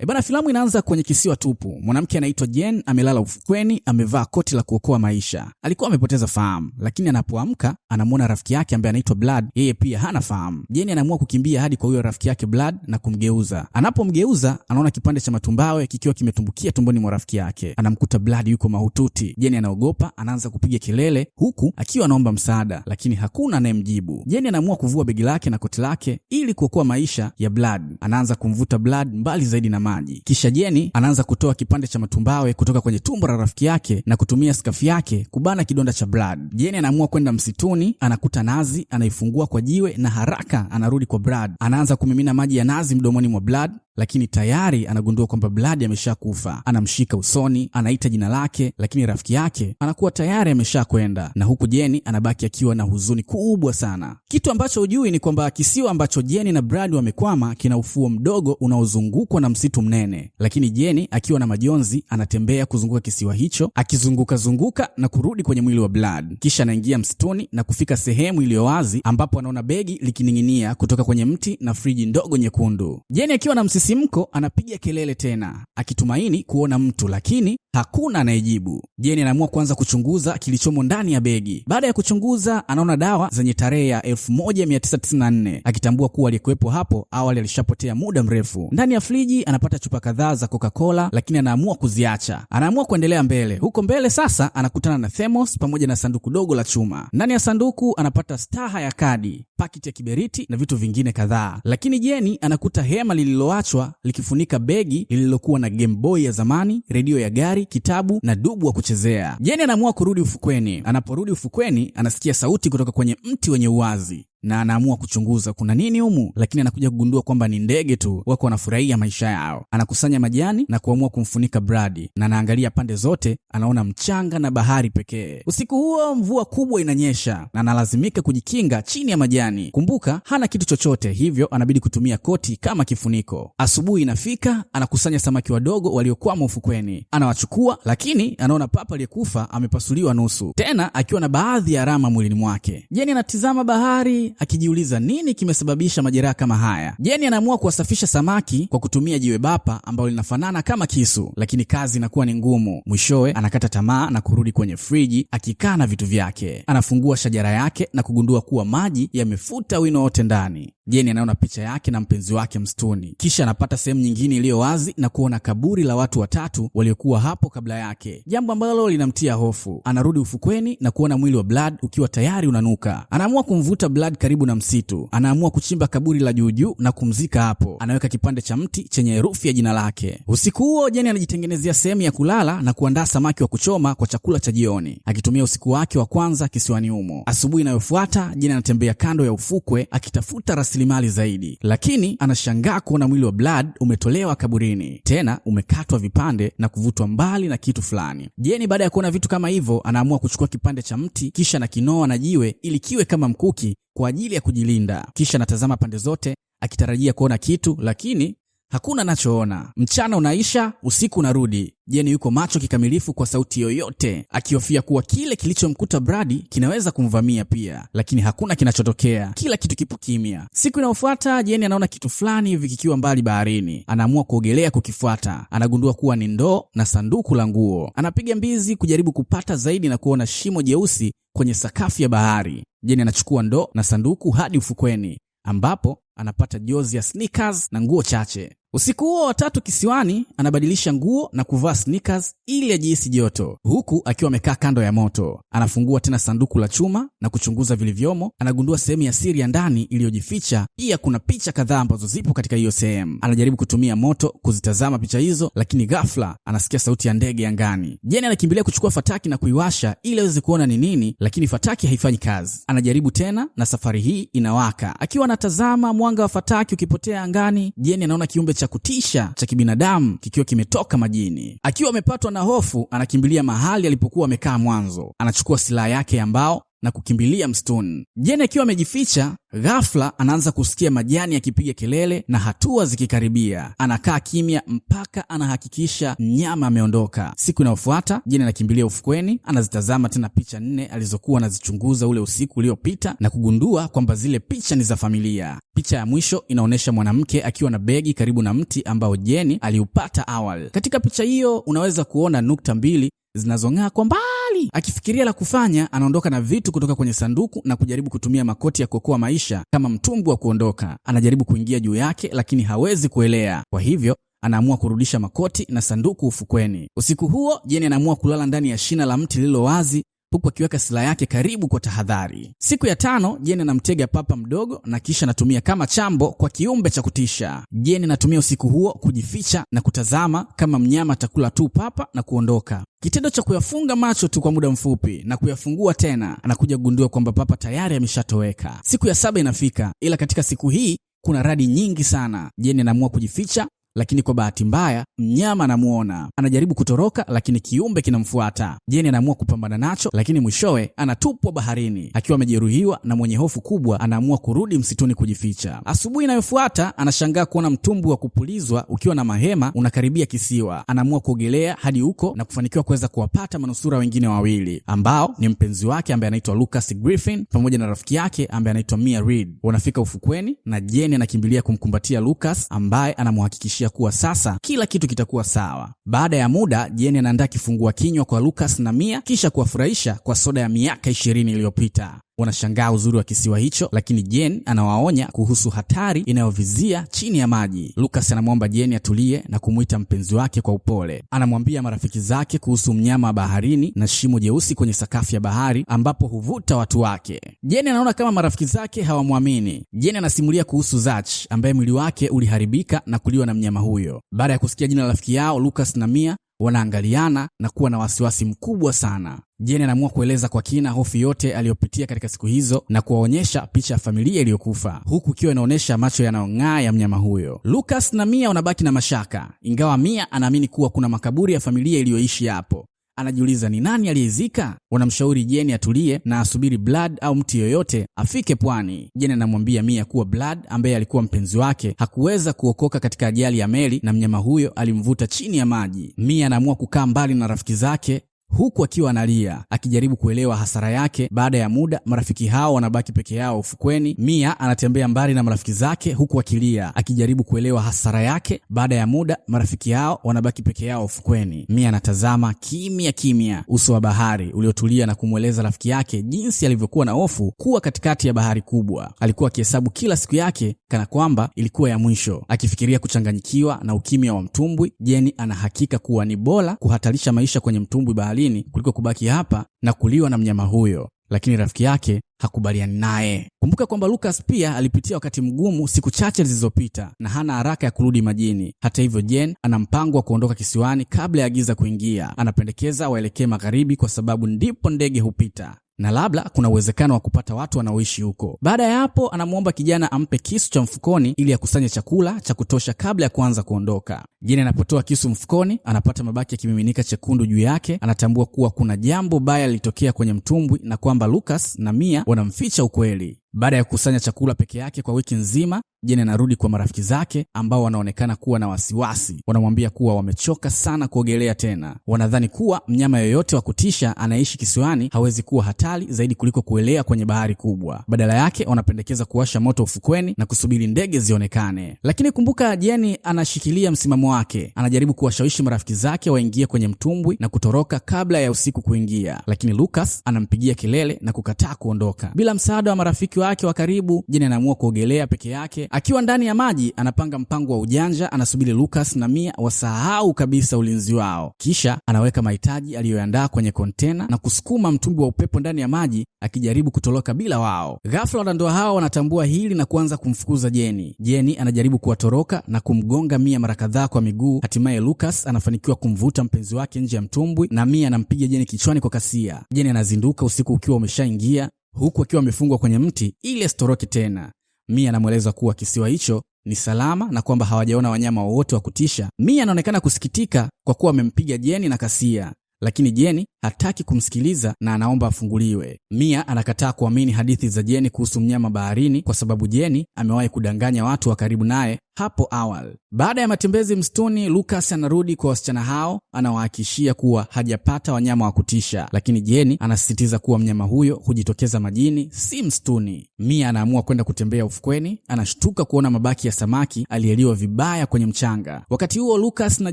Ebana, filamu inaanza kwenye kisiwa tupu. Mwanamke anaitwa Jen amelala ufukweni, amevaa koti la kuokoa maisha. Alikuwa amepoteza fahamu, lakini anapoamka anamwona rafiki yake ambaye anaitwa Blood, yeye pia hana fahamu. Jen anaamua kukimbia hadi kwa huyo rafiki yake Blood na kumgeuza. Anapomgeuza anaona kipande cha matumbawe kikiwa kimetumbukia tumboni mwa rafiki yake. Anamkuta Blood yuko mahututi. Jen anaogopa, anaanza kupiga kelele huku akiwa anaomba msaada, lakini hakuna anayemjibu. Jen anaamua kuvua begi lake na koti lake ili kuokoa maisha ya Blood. Anaanza kumvuta Blood mbali zaidi na maji. Kisha Jeni anaanza kutoa kipande cha matumbawe kutoka kwenye tumbo la rafiki yake na kutumia skafu yake kubana kidonda cha Brad. Jeni anaamua kwenda msituni, anakuta nazi, anaifungua kwa jiwe na haraka anarudi kwa Brad. Anaanza kumimina maji ya nazi mdomoni mwa blood lakini tayari anagundua kwamba Bladi ameshakufa. Anamshika usoni, anaita jina lake, lakini rafiki yake anakuwa tayari ameshakwenda, na huku Jeni anabaki akiwa na huzuni kubwa sana. Kitu ambacho hujui ni kwamba kisiwa ambacho Jeni na Bladi wamekwama kina ufuo mdogo unaozungukwa na msitu mnene, lakini Jeni akiwa na majonzi anatembea kuzunguka kisiwa hicho, akizungukazunguka na kurudi kwenye mwili wa blad Kisha anaingia msituni na kufika sehemu iliyo wazi ambapo anaona begi likining'inia kutoka kwenye mti na friji ndogo nyekundu. Jeni akiwa na msisi Msimko anapiga kelele tena akitumaini kuona mtu, lakini hakuna anayejibu. Jeni anaamua kuanza kuchunguza kilichomo ndani ya begi. Baada ya kuchunguza, anaona dawa zenye tarehe ya 1994 akitambua kuwa aliyekuwepo hapo awali alishapotea muda mrefu. Ndani ya friji anapata chupa kadhaa za Coca-Cola, lakini anaamua kuziacha. Anaamua kuendelea mbele. Huko mbele sasa anakutana na thermos pamoja na sanduku dogo la chuma. Ndani ya sanduku anapata staha ya kadi, pakiti ya kiberiti na vitu vingine kadhaa, lakini Jeni anakuta hema lililoachwa kichwa likifunika begi lililokuwa na Game Boy ya zamani, redio ya gari, kitabu na dubu wa kuchezea. Jeni anaamua kurudi ufukweni. Anaporudi ufukweni, anasikia sauti kutoka kwenye mti wenye uwazi na anaamua kuchunguza kuna nini humu, lakini anakuja kugundua kwamba ni ndege tu wako wanafurahia maisha yao. Anakusanya majani na kuamua kumfunika Bradi, na anaangalia pande zote, anaona mchanga na bahari pekee. Usiku huo mvua kubwa inanyesha na analazimika kujikinga chini ya majani. Kumbuka hana kitu chochote, hivyo anabidi kutumia koti kama kifuniko. Asubuhi inafika, anakusanya samaki wadogo waliokwama ufukweni, anawachukua, lakini anaona papa aliyekufa amepasuliwa nusu, tena akiwa na baadhi ya alama mwilini mwake. Jeni anatizama bahari akijiuliza nini kimesababisha majeraha kama haya. Jeni anaamua kuwasafisha samaki kwa kutumia jiwe bapa ambalo linafanana kama kisu, lakini kazi inakuwa ni ngumu. Mwishowe anakata tamaa na kurudi kwenye friji akikaa na vitu vyake. Anafungua shajara yake na kugundua kuwa maji yamefuta wino wote ndani. Jeni anaona picha yake na mpenzi wake msituni, kisha anapata sehemu nyingine iliyo wazi na kuona kaburi la watu watatu waliokuwa hapo kabla yake, jambo ambalo linamtia hofu. Anarudi ufukweni na kuona mwili wa Blood ukiwa tayari unanuka. Anaamua kumvuta Blood karibu na msitu. Anaamua kuchimba kaburi la juujuu na kumzika hapo. Anaweka kipande cha mti chenye herufi ya jina lake. Usiku huo, Jeni anajitengenezea sehemu ya kulala na kuandaa samaki wa kuchoma kwa chakula cha jioni, akitumia usiku wake wa kwanza kisiwani humo. Asubuhi inayofuata, Jeni anatembea kando ya ufukwe akitafuta rasilimali zaidi, lakini anashangaa kuona mwili wa Blood umetolewa kaburini, tena umekatwa vipande na kuvutwa mbali na kitu fulani. Jeni baada ya kuona vitu kama hivyo, anaamua kuchukua kipande cha mti kisha na kinoa na jiwe ili kiwe kama mkuki kwa ajili ya kujilinda. Kisha natazama pande zote akitarajia kuona kitu, lakini hakuna anachoona. Mchana unaisha, usiku unarudi. Jeni yuko macho kikamilifu kwa sauti yoyote, akihofia kuwa kile kilichomkuta Bradi kinaweza kumvamia pia, lakini hakuna kinachotokea. Kila kitu kipo kimya. Siku inayofuata Jeni anaona kitu fulani hivi kikiwa mbali baharini. Anaamua kuogelea kukifuata. Anagundua kuwa ni ndoo na sanduku la nguo. Anapiga mbizi kujaribu kupata zaidi na kuona shimo jeusi kwenye sakafu ya bahari. Jeni anachukua ndoo na sanduku hadi ufukweni ambapo anapata jozi ya sneakers na nguo chache. Usiku huo watatu kisiwani, anabadilisha nguo na kuvaa sneakers ili ajihisi joto, huku akiwa amekaa kando ya moto. Anafungua tena sanduku la chuma na kuchunguza vilivyomo. Anagundua sehemu ya siri ya ndani iliyojificha. Pia kuna picha kadhaa ambazo zipo katika hiyo sehemu. Anajaribu kutumia moto kuzitazama picha hizo, lakini ghafla anasikia sauti ya ndege angani. Jeni anakimbilia kuchukua fataki na kuiwasha ili aweze kuona ni nini, lakini fataki haifanyi kazi. Anajaribu tena na safari hii inawaka. Akiwa anatazama mwanga wa fataki ukipotea angani, Jeni anaona kiumbe cha kutisha cha kibinadamu kikiwa kimetoka majini. Akiwa amepatwa na hofu, anakimbilia mahali alipokuwa amekaa mwanzo. Anachukua silaha yake ya mbao na kukimbilia msituni. Jeni akiwa amejificha, ghafla anaanza kusikia majani yakipiga kelele na hatua zikikaribia. Anakaa kimya mpaka anahakikisha mnyama ameondoka. Siku inayofuata Jen anakimbilia ufukweni, anazitazama tena picha nne alizokuwa anazichunguza ule usiku uliopita na kugundua kwamba zile picha ni za familia. Picha ya mwisho inaonyesha mwanamke akiwa na begi karibu na mti ambao jeni aliupata awali. Katika picha hiyo unaweza kuona nukta mbili zinazong'aa kwa mbali hii. Akifikiria la kufanya, anaondoka na vitu kutoka kwenye sanduku na kujaribu kutumia makoti ya kuokoa maisha kama mtumbwi wa kuondoka. Anajaribu kuingia juu yake, lakini hawezi kuelea, kwa hivyo anaamua kurudisha makoti na sanduku ufukweni. Usiku huo Jeni anaamua kulala ndani ya shina la mti lililo wazi huku akiweka silaha yake karibu kwa tahadhari. Siku ya tano, Jen anamtega papa mdogo na kisha anatumia kama chambo kwa kiumbe cha kutisha. Jen anatumia usiku huo kujificha na kutazama kama mnyama atakula tu papa na kuondoka. Kitendo cha kuyafunga macho tu kwa muda mfupi na kuyafungua tena, anakuja kugundua kwamba papa tayari ameshatoweka. Siku ya saba inafika, ila katika siku hii kuna radi nyingi sana. Jeni anaamua kujificha lakini kwa bahati mbaya mnyama anamuona, anajaribu kutoroka, lakini kiumbe kinamfuata. Jeni anaamua kupambana nacho, lakini mwishowe anatupwa baharini akiwa amejeruhiwa na mwenye hofu kubwa, anaamua kurudi msituni kujificha. Asubuhi inayofuata anashangaa kuona mtumbwi wa kupulizwa ukiwa na mahema unakaribia kisiwa. Anaamua kuogelea hadi huko na kufanikiwa kuweza kuwapata manusura wengine wawili ambao ni mpenzi wake ambaye anaitwa Lucas Griffin pamoja na rafiki yake ambaye anaitwa Mia Reed. Wanafika ufukweni na Jeni anakimbilia kumkumbatia Lucas ambaye anamhakikishia kuhakikisha kuwa sasa kila kitu kitakuwa sawa. Baada ya muda, Jen anaandaa kifungua kinywa kwa Lucas na Mia kisha kuwafurahisha kwa soda ya miaka 20 iliyopita wanashangaa uzuri wa kisiwa hicho, lakini Jen anawaonya kuhusu hatari inayovizia chini ya maji. Lucas anamwomba Jen atulie na kumwita mpenzi wake kwa upole. Anamwambia marafiki zake kuhusu mnyama wa baharini na shimo jeusi kwenye sakafu ya bahari ambapo huvuta watu wake. Jen anaona kama marafiki zake hawamwamini. Jen anasimulia kuhusu Zach ambaye mwili wake uliharibika na kuliwa na mnyama huyo. Baada ya kusikia jina la rafiki yao, lukas na Mia wanaangaliana na kuwa na wasiwasi mkubwa sana. Jane anaamua kueleza kwa kina hofu yote aliyopitia katika siku hizo na kuwaonyesha picha ya familia iliyokufa huku ikiwa inaonyesha macho yanayong'aa ya mnyama huyo. Lucas na Mia wanabaki na mashaka, ingawa Mia anaamini kuwa kuna makaburi ya familia iliyoishi hapo. Anajiuliza ni nani aliyezika. Wanamshauri Jane atulie na asubiri Blood au mtu yoyote afike pwani. Jane anamwambia Mia kuwa Blood ambaye alikuwa mpenzi wake hakuweza kuokoka katika ajali ya meli na mnyama huyo alimvuta chini ya maji. Mia anaamua kukaa mbali na rafiki zake huku akiwa analia akijaribu kuelewa hasara yake. Baada ya muda, marafiki hao wanabaki peke yao ufukweni. Mia anatembea mbali na marafiki zake huku akilia akijaribu kuelewa hasara yake. Baada ya muda, marafiki hao wanabaki peke yao ufukweni. Mia anatazama kimya kimya uso wa bahari uliotulia na kumweleza rafiki yake jinsi alivyokuwa na hofu kuwa katikati ya bahari kubwa. Alikuwa akihesabu kila siku yake kana kwamba ilikuwa ya mwisho, akifikiria kuchanganyikiwa na ukimya wa mtumbwi. Jeni anahakika kuwa ni bora kuhatarisha maisha kwenye mtumbwi bahari hospitalini kuliko kubaki hapa na kuliwa na mnyama huyo, lakini rafiki yake hakubaliani naye. Kumbuka kwamba Lucas pia alipitia wakati mgumu siku chache zilizopita na hana haraka ya kurudi majini. Hata hivyo, Jen ana mpango wa kuondoka kisiwani kabla ya giza kuingia. Anapendekeza waelekee magharibi kwa sababu ndipo ndege hupita na labda kuna uwezekano wa kupata watu wanaoishi huko. Baada ya hapo, anamwomba kijana ampe kisu cha mfukoni ili akusanye chakula cha kutosha kabla ya kuanza kuondoka. Jeni anapotoa kisu mfukoni, anapata mabaki ya kimiminika chekundu juu yake. Anatambua kuwa kuna jambo baya lilitokea kwenye mtumbwi na kwamba Lucas na Mia wanamficha ukweli. Baada ya kukusanya chakula peke yake kwa wiki nzima, Jeni anarudi kwa marafiki zake ambao wanaonekana kuwa na wasiwasi. Wanamwambia kuwa wamechoka sana kuogelea tena. Wanadhani kuwa mnyama yoyote wa kutisha anaishi kisiwani hawezi kuwa hatari zaidi kuliko kuelea kwenye bahari kubwa. Badala yake, wanapendekeza kuwasha moto ufukweni na kusubiri ndege zionekane. Lakini kumbuka, Jeni anashikilia msimamo wake. Anajaribu kuwashawishi marafiki zake waingie kwenye mtumbwi na kutoroka kabla ya usiku kuingia, lakini Lucas anampigia kelele na kukataa kuondoka. Bila msaada wa marafiki wake wa karibu, Jen anaamua kuogelea peke yake. Akiwa ndani ya maji, anapanga mpango wa ujanja, anasubiri Lucas na Mia wasahau kabisa ulinzi wao, kisha anaweka mahitaji aliyoandaa kwenye kontena na kusukuma mtumbwi wa upepo ndani ya maji, akijaribu kutoroka bila wao. Ghafla wanandoa hao wanatambua hili na kuanza kumfukuza Jeni. Jeni anajaribu kuwatoroka na kumgonga Mia mara kadhaa kwa miguu. Hatimaye Lucas anafanikiwa kumvuta mpenzi wake nje ya mtumbwi na Mia anampiga Jeni kichwani kwa kasia. Jeni anazinduka usiku ukiwa umeshaingia, huku akiwa amefungwa kwenye mti ili asitoroke tena. Mia anamweleza kuwa kisiwa hicho ni salama na kwamba hawajaona wanyama wowote wa kutisha. Mia anaonekana kusikitika kwa kuwa amempiga Jeni na kasia, lakini Jeni hataki kumsikiliza na anaomba afunguliwe. Mia anakataa kuamini hadithi za Jeni kuhusu mnyama baharini kwa sababu Jeni amewahi kudanganya watu wa karibu naye hapo awali. Baada ya matembezi msituni, Lucas anarudi kwa wasichana hao, anawahakishia kuwa hajapata wanyama wa kutisha, lakini Jeni anasisitiza kuwa mnyama huyo hujitokeza majini, si msituni. Mia anaamua kwenda kutembea ufukweni, anashtuka kuona mabaki ya samaki aliyeliwa vibaya kwenye mchanga. Wakati huo Lucas na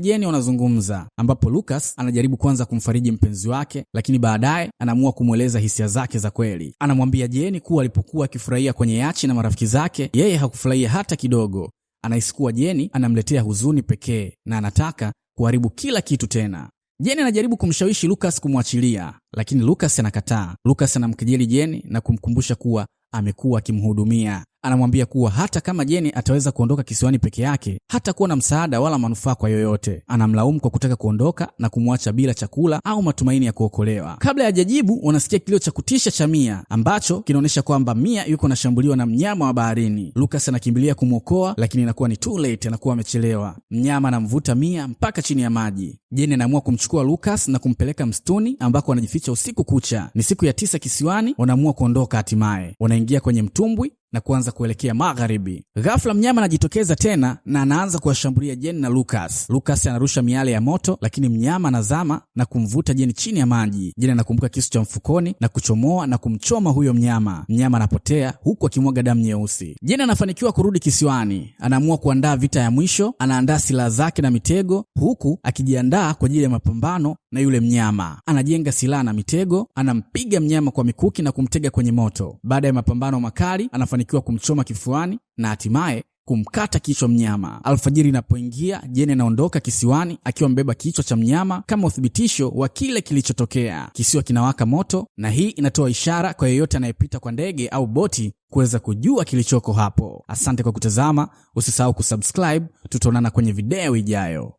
Jeni wanazungumza, ambapo Lucas anajaribu kwanza kumfariji mpenzi wake yake, lakini baadaye anaamua kumweleza hisia zake za kweli. Anamwambia Jeni kuwa alipokuwa akifurahia kwenye yachi na marafiki zake, yeye hakufurahia hata kidogo. Anahisi kuwa Jeni anamletea huzuni pekee na anataka kuharibu kila kitu tena. Jeni anajaribu kumshawishi Lucas kumwachilia, lakini Lucas anakataa. Lucas anamkejeli Jeni na kumkumbusha kuwa amekuwa akimhudumia anamwambia kuwa hata kama Jeni ataweza kuondoka kisiwani peke yake hata kuwa na msaada wala manufaa kwa yoyote. Anamlaumu kwa kutaka kuondoka na kumwacha bila chakula au matumaini ya kuokolewa. Kabla hajajibu, wanasikia kilio cha kutisha cha Mia ambacho kinaonyesha kwamba Mia yuko anashambuliwa na mnyama wa baharini. lukas anakimbilia kumwokoa, lakini inakuwa ni too late, anakuwa amechelewa. Mnyama anamvuta Mia mpaka chini ya maji. Jeni anaamua kumchukua Lucas na kumpeleka msituni ambako anajificha usiku kucha. Ni siku ya tisa kisiwani, wanaamua kuondoka hatimaye. Wanaingia kwenye mtumbwi na kuanza kuelekea magharibi. Ghafla mnyama anajitokeza tena na anaanza kuwashambulia Jen na Lucas. Lucas anarusha miale ya moto, lakini mnyama anazama na kumvuta Jen chini ya maji. Jen anakumbuka kisu cha mfukoni na kuchomoa na kumchoma huyo mnyama. Mnyama anapotea huku akimwaga damu nyeusi. Jen anafanikiwa kurudi kisiwani, anaamua kuandaa vita ya mwisho. Anaandaa silaha zake na mitego, huku akijiandaa kwa ajili ya mapambano na yule mnyama. Anajenga silaha na mitego, anampiga mnyama kwa mikuki na kumtega kwenye moto. Baada ya mapambano makali, anafanikiwa kumchoma kifuani na hatimaye kumkata kichwa mnyama. Alfajiri inapoingia, jeni anaondoka kisiwani akiwa amebeba kichwa cha mnyama kama uthibitisho wa kile kilichotokea. Kisiwa kinawaka moto, na hii inatoa ishara kwa yeyote anayepita kwa ndege au boti kuweza kujua kilichoko hapo. Asante kwa kutazama, usisahau kusubscribe. Tutaonana kwenye video ijayo.